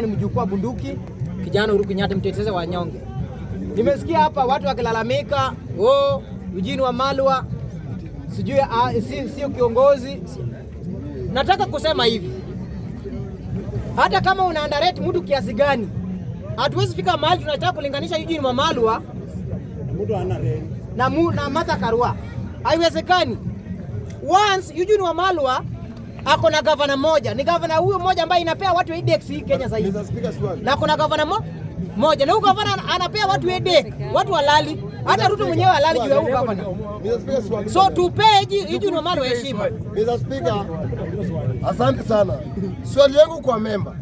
Ni mjukuu wa bunduki kijana Uhuru Kenyatta, mtetezi wa wanyonge. Nimesikia hapa watu wakilalamika, oh, Eugene Wamalwa sijui ah, sio kiongozi. Nataka kusema hivi, hata kama una underrate mtu kiasi gani, hatuwezi fika mahali tunataka kulinganisha Eugene Wamalwa na, na Martha Karua, haiwezekani. Once Eugene Wamalwa ako na gavana moja, ni gavana huyo moja ambaye inapea watu headache hii Kenya sasa hivi, na kuna gavana mo, moja na huyo gavana anapea watu headache, watu walali hata Ruto mwenyewe alali juu ya huyo gavana. So tupee hiji Junamalo heshima. Mr. Speaker, asante sana. Swali yangu kwa memba,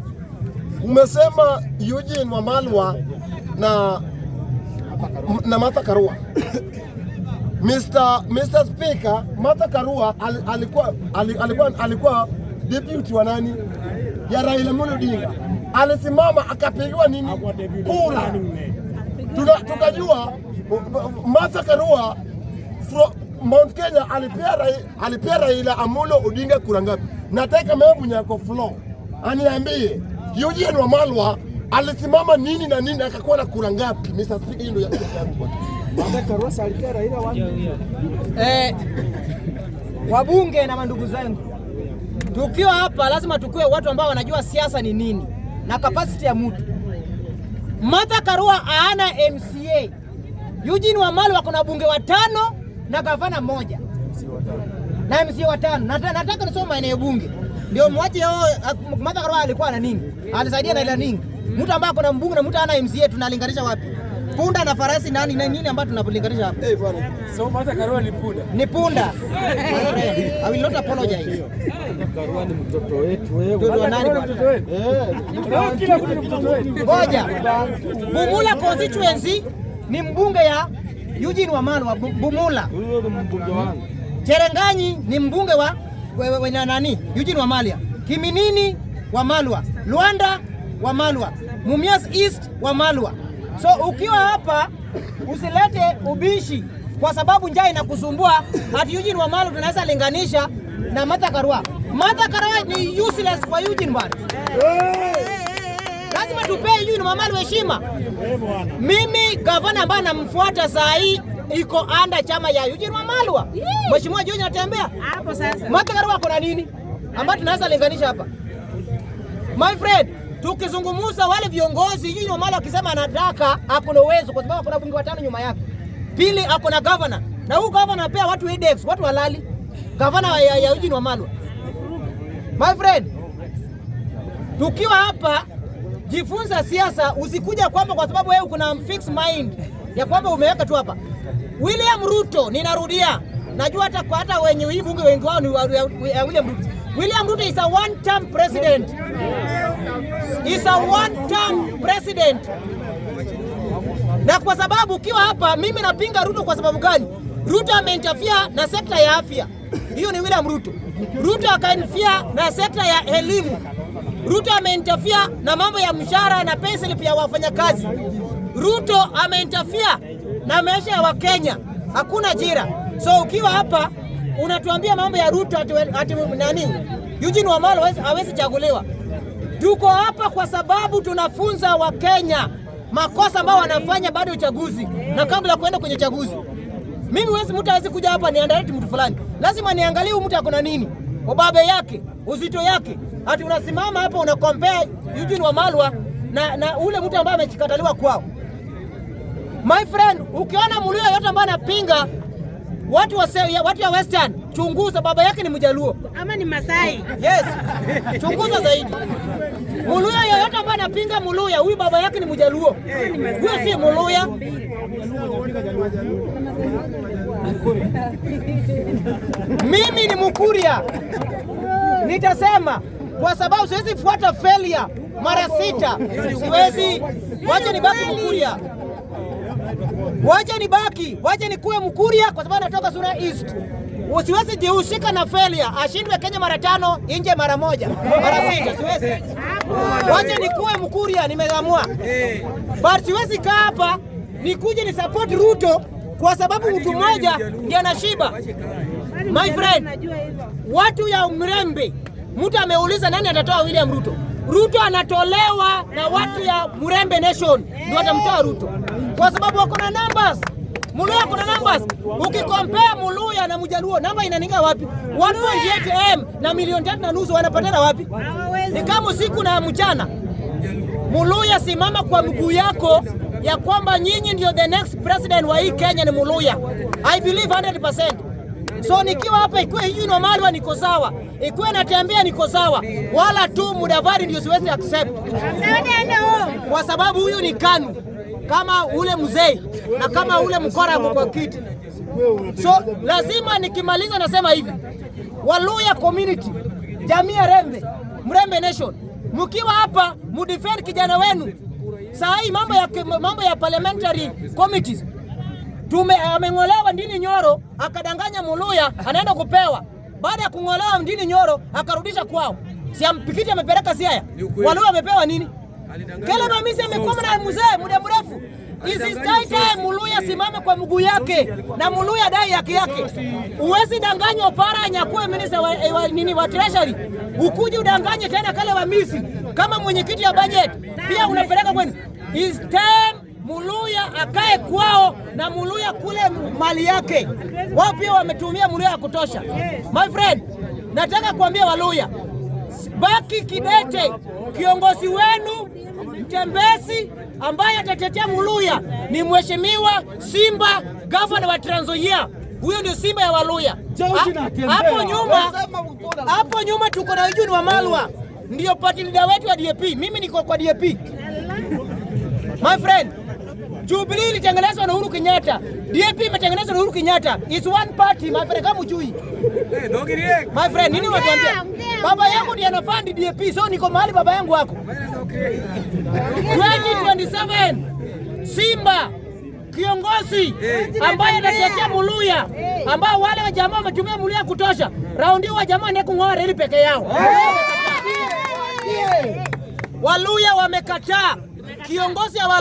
umesema Eugene Wamalwa na na Martha Karua Mr. Mr. Speaker Martha Karua al, alikuwa, al, alikuwa, alikuwa deputy wa nani ya Raila Amolo Odinga, alisimama akapigiwa nini kura, tukajua Martha Karua from Mount Kenya alipea Raila Amolo Odinga kura ngapi? Nataka mimi Bunyako floor aniambie Eugene Wamalwa alisimama nini na nini akakuwa na kura ngapi? Mr. Speaker, hiyo ndio Eh, wabunge na mandugu zangu, tukiwa hapa lazima tukiwe watu ambao wanajua siasa ni nini na kapasiti ya mtu. Martha Karua aana MCA. Eugene Wamalwa wako na bunge watano na gavana moja na MCA watano. Nataka nisome maeneo bunge ndio mwache. Martha Karua alikuwa na nini? Alisaidia na ila nini? Mtu ambaye ako na mbunge na mtu ana MCA tunalinganisha wapi? punda na farasi nani na nini ambayo tunapolinganisha hapa? Eh bwana. So Martha Karua ni punda. Ni punda. I will not apologize. Karua ni mtoto wetu wewe. Eh. Mtoto wa nani bwana? Eh. Kila kitu ni mtoto wetu. Ngoja. Bumula constituency ni mbunge ya Eugene Wamalwa wa Bumula. Huyo ni mbunge wangu. Cherenganyi ni mbunge wa wewe na nani? Eugene Wamalwa. Kiminini Wamalwa. Luanda Wamalwa. Mumias East Wamalwa. So ukiwa hapa usilete ubishi, kwa sababu njaa inakusumbua. Hata Eugene Wamalwa tunaweza linganisha na Martha Karua. Martha Karua ni useless kwa Eugene bwana. Lazima tupee Eugene Wamalwa heshima. Mimi gavana ambaye namfuata saa hii iko anda chama ya Eugene Wamalwa. Mheshimiwa Eugene anatembea hapo sasa. Martha Karua kuna nini ambayo tunaweza linganisha hapa? My friend tukizungumza wale viongozi yino mali akisema anataka ako na uwezo, kwa sababu kuna bunge watano nyuma yake. Pili ako na governor, na huyu governor anapea watu headaches, watu walali Gavana ya, ya wa Wamalwa, my friend, tukiwa hapa jifunza siasa, usikuja kwamba kwa sababu wewe kuna fixed mind ya kwamba umeweka tu hapa. William Ruto, ninarudia, najua hata kwa hata wenye hii bunge wengi wao ni William Ruto. William Ruto is a one term president is a one term president. Na kwa sababu ukiwa hapa, mimi napinga Ruto. Kwa sababu gani? Ruto ameinterfere na sekta ya afya, hiyo ni William Ruto. Ruto akainterfere na sekta ya elimu. Ruto ameinterfere na mambo ya mshahara na payslip ya wafanyakazi. Ruto ameinterfere na maisha ya Wakenya, hakuna ajira. So ukiwa hapa unatuambia mambo ya Ruto ati nani? Eugene Wamalwa hawezi chaguliwa. Tuko hapa kwa sababu tunafunza Wakenya makosa ambayo wanafanya baada ya uchaguzi na kabla ya kuenda kwenye chaguzi. Mimi wezi mtu hawezi kuja hapa niandareti mtu fulani, lazima niangalie huyu mtu akona nini, ubabe yake, uzito yake. Ati unasimama hapa unakompea Eugene Wamalwa na, na ule mtu ambaye amechikataliwa kwao. My friend, ukiona mulio yote ambaye anapinga watu wa watu ya Western, chunguza baba yake ni Mjaluo ama ni Masai. Yes, chunguza zaidi. Muluya yoyote ambaye anapinga Muluya, huyu baba yake ni Mjaluo, huyo si Muluya. Mimi ni Mkuria, nitasema kwa sababu siwezi fuata failure mara sita, siwezi. Wacha nibaki Mkuria, wacha nibaki, wacha nikuwe Mkuria kwa sababu natoka Sura East. Usiwezi jihusika na failure, ashindwe Kenya mara tano, nje mara moja, mara sita, siwezi. Wacha nikuwe Mkuria, nimeamua. Eh. But siwezi kaa hapa nikuje ni support Ruto kwa sababu mtu mmoja ndiye anashiba. My friend, watu ya Mrembe, mtu ameuliza nani atatoa William Ruto. Ruto anatolewa na watu ya Mrembe Nation ndio atamtoa Ruto kwa sababu wako na numbers. Muluya kuna numbers. Ukikompea Muluya na Mjaluo, namba inaninga wapi? 1.8 m na milioni tatu na nusu wanapatana wapi? ni kama usiku na mchana. Muluya, simama kwa mguu yako ya kwamba nyinyi ndio the next president wa hii Kenya ni Muluya. I believe 100%. So nikiwa hapa ikiwe hii nomalwa niko sawa, ikiwe natembea niko sawa, wala tu mudavari ndio siwezi accept, kwa sababu huyu ni KANU kama ule mzee na kama ule mkora ako kwa kiti. So lazima nikimaliza, nasema hivi Waluya community, jamii ya Rembe Mrembe Nation, mkiwa hapa mudefend kijana wenu. Saa hii mambo ya, mambo ya parliamentary committees tume ameng'olewa Ndini Nyoro akadanganya Muluya anaenda kupewa. Baada ya kung'olewa Ndini Nyoro akarudisha kwao, si ampikiti amepeleka Siaya, Waluya amepewa nini? Kele Mamisi amekoma na mzee muda mrefu hizi is Muluya simame kwa mguu yake na Muluya dai haki yake. Uwezi danganya Opara anyakuwe minista wa, eh, wa, nini wa treasury ukuje udanganye tena kale wa misi kama mwenyekiti ya budget pia unapeleka kwenu. Is time Muluya akae kwao na Muluya kule mali yake. Wao pia wametumia Muluya ya kutosha. My friend, nataka kuambia Waluya baki kidete, kiongozi wenu mtembezi ambaye atatetea Muluya ni mheshimiwa Simba, gavana wa Trans Nzoia. Huyo ndio Simba ya Waluya. Hapo nyuma, hapo nyuma tuko na Eugene Wamalwa, ndio party leader wetu wa DAP. Mimi niko kwa DAP. My friend Jubilee ilitengenezwa na Uhuru Kenyatta. DAP imetengenezwa na Uhuru Kenyatta. It's one party, my friend, kama ujui. My friend, nini unatuambia? Baba yangu ndiye anafund DAP, so niko mahali baba yangu wako. 2027 Simba kiongozi hey, ambaye anachochea Muluya hey, ambao wale wa jamaa wametumia Muluya kutosha. Raundi wa jamaa ni kung'oa reli peke yao. hey, hey, hey, Waluya wamekataa kiongozi wa